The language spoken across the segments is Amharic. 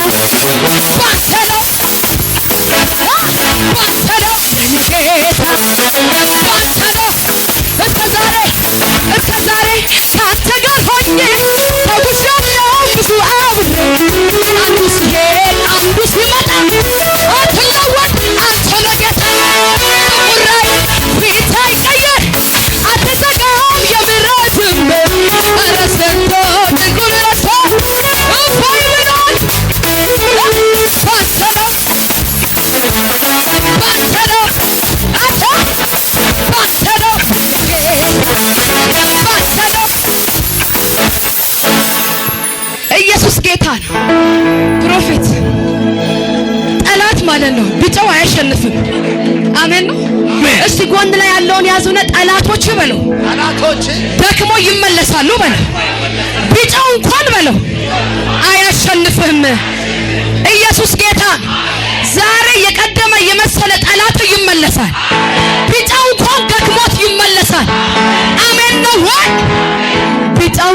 እስከ ዛሬ ከአንተ ጋር ሆኜ ነው። ፕሮፌት ጠላት ማለት ነው። ቢጫው አያሸንፍም። አሜን ነው። እስቲ ጎን ላይ ያለውን ያዙነ ጠላቶች በለው ጠላቶች ደክሞ ይመለሳሉ በለው። ቢጫው እንኳን በለው አያሸንፍህም። ኢየሱስ ጌታ ዛሬ የቀደመ የመሰለ ጠላቱ ይመለሳል። ቢጫው እንኳን ደክሞት ይመለሳል። አሜን ነው ወይ ቢጫው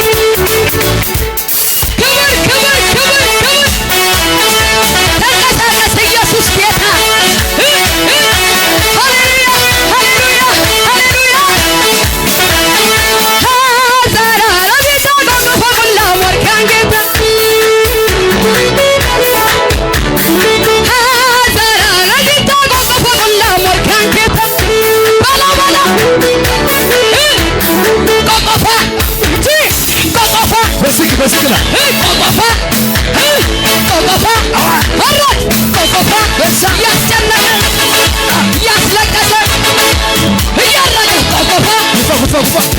So fuck.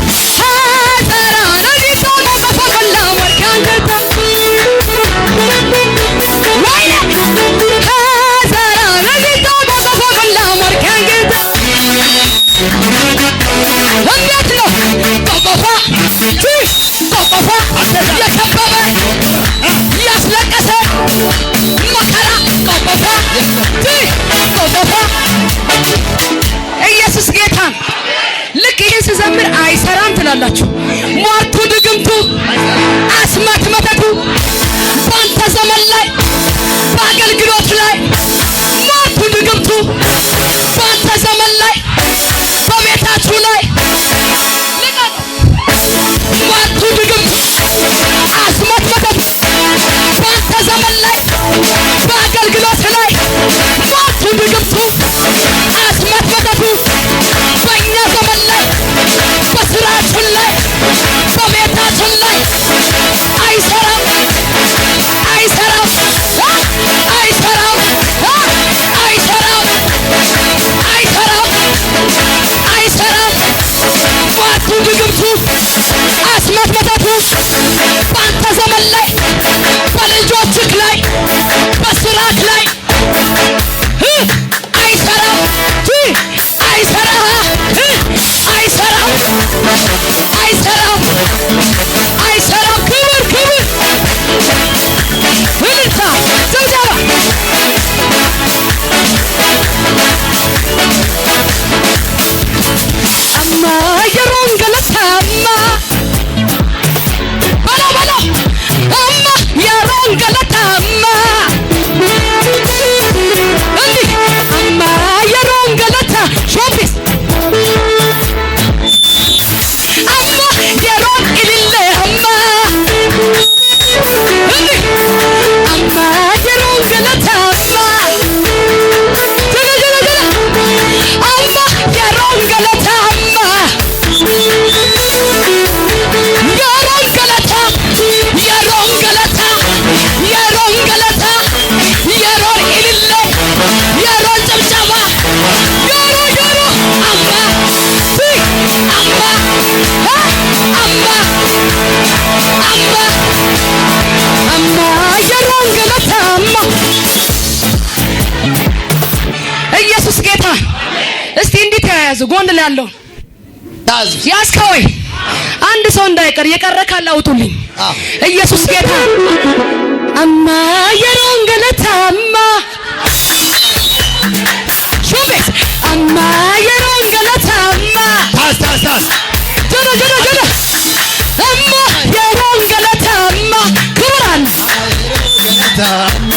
ትሆናላችሁ። ሟርቱ፣ ድግምቱ፣ አስማት መታ ያዙ። ጎን ላይ ያለው ታዝ ያዝከው አንድ ሰው እንዳይቀር የቀረ ካለ አውጡልኝ። ኢየሱስ ጌታ አማ የሮን ገለታማ ሹቤት አማ የሮን ገለታማ ታዝ ታዝ ታዝ ጀነ ጀነ ጀነ አማ የሮን ገለታማ ክብራን አማ